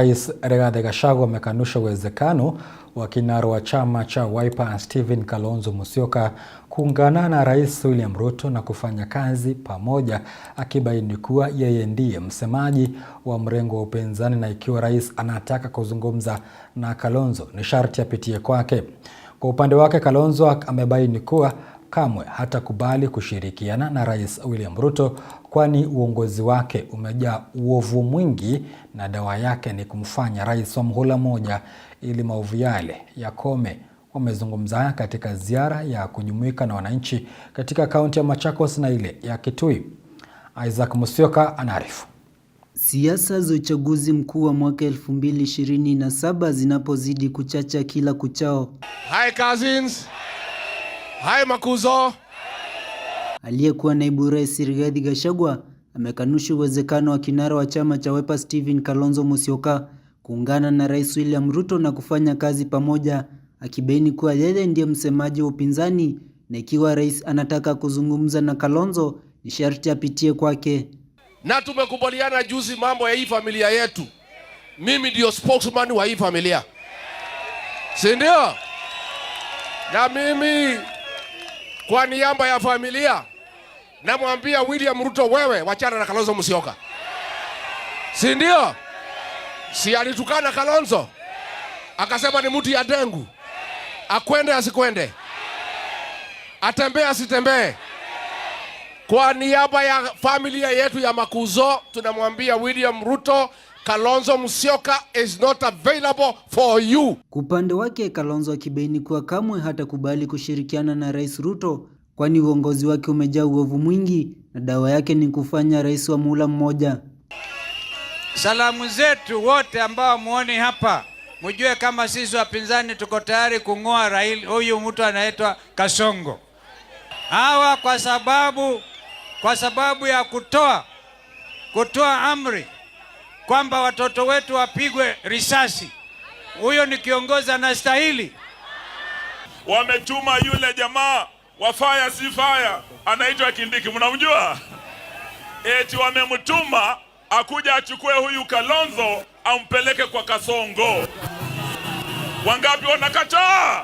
Rais Rigathi Gachagua amekanusha uwezekano wa kinara wa chama cha Wiper Stephen Kalonzo Musyoka kuungana na Rais William Ruto na kufanya kazi pamoja, akibaini kuwa yeye ndiye msemaji wa mrengo wa upinzani na ikiwa rais anataka kuzungumza na Kalonzo ni sharti apitie kwake. Kwa upande wake, Kalonzo amebaini kuwa kamwe hatakubali kushirikiana na Rais William Ruto kwani uongozi wake umejaa uovu mwingi na dawa yake ni kumfanya rais wa mhula moja ili maovu yale yakome. Wamezungumza katika ziara ya kujumuika na wananchi katika kaunti ya Machakos na ile ya Kitui. Isaac musioka anaarifu. Siasa za uchaguzi mkuu wa mwaka 2027 zinapozidi kuchacha kila kuchao. Hi cousins. Hai makuzo. Aliyekuwa naibu rais Rigathi Gachagua amekanusha uwezekano wa kinara wa chama cha Wiper Stephen Kalonzo Musyoka kuungana na Rais William Ruto na kufanya kazi pamoja, akibaini kuwa yeye ndiye msemaji wa upinzani na ikiwa rais anataka kuzungumza na Kalonzo ni sharti apitie kwake. Na tumekubaliana juzi mambo ya hii familia yetu, mimi ndio spokesman wa hii familia, si ndio? Na mimi kwa niaba ya familia namwambia William Ruto, wewe wachana na Kalonzo Musyoka, si ndio? Si alitukana Kalonzo akasema ni mtu ya dengu, akwende asikwende, atembee asitembee. Kwa niaba ya familia yetu ya Makuzo tunamwambia William Ruto Kalonzo Musyoka is not available for you. Kwa upande wake Kalonzo akibaini kuwa kamwe hatakubali kushirikiana na Rais Ruto kwani uongozi wake umejaa uovu mwingi na dawa yake ni kufanya rais wa muhula mmoja. Salamu zetu wote ambao muone hapa, mjue kama sisi wapinzani tuko tayari kung'oa Raila, huyu mtu anaitwa Kasongo hawa, kwa sababu kwa sababu ya kutoa kutoa amri kwamba watoto wetu wapigwe risasi. Huyo ni kiongozi anastahili? Wametuma yule jamaa wa fire si faya, anaitwa Kindiki, mnamjua? Eti wamemtuma akuja achukue huyu Kalonzo ampeleke kwa Kasongo. Wangapi wanakataa?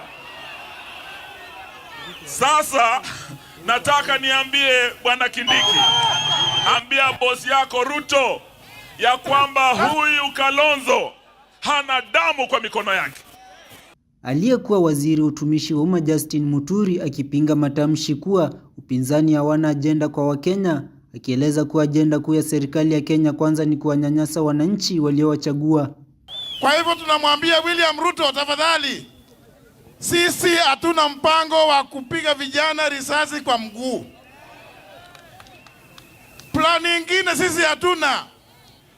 Sasa nataka niambie bwana Kindiki, ambia bosi yako Ruto ya kwamba huyu Kalonzo hana damu kwa mikono yake. Aliyekuwa waziri wa utumishi wa umma Justin Muturi akipinga matamshi kuwa upinzani hawana ajenda kwa Wakenya, akieleza kuwa ajenda kuu ya serikali ya Kenya kwanza ni kuwanyanyasa wananchi waliowachagua. Kwa hivyo tunamwambia William Ruto, tafadhali, sisi hatuna mpango wa kupiga vijana risasi kwa mguu. Plani nyingine sisi hatuna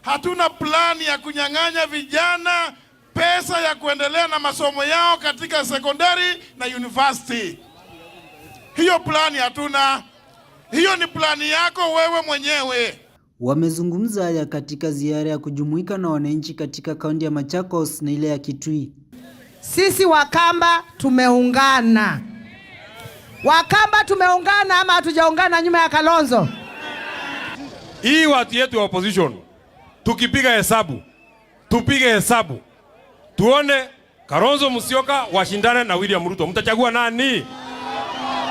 hatuna plani ya kunyang'anya vijana pesa ya kuendelea na masomo yao katika sekondari na university. Hiyo plani hatuna, hiyo ni plani yako wewe mwenyewe. Wamezungumza haya katika ziara ya kujumuika na wananchi katika kaunti ya Machakos na ile ya Kitui. Sisi Wakamba tumeungana, Wakamba tumeungana ama hatujaungana nyuma ya Kalonzo? Hii watu yetu wa opposition tukipiga hesabu, tupige hesabu tuone Kalonzo Musyoka washindane na William Ruto, mtachagua nani?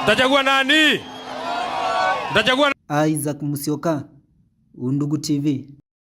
Mtachagua nani? Mtachagua Isaac Musyoka, Undugu TV.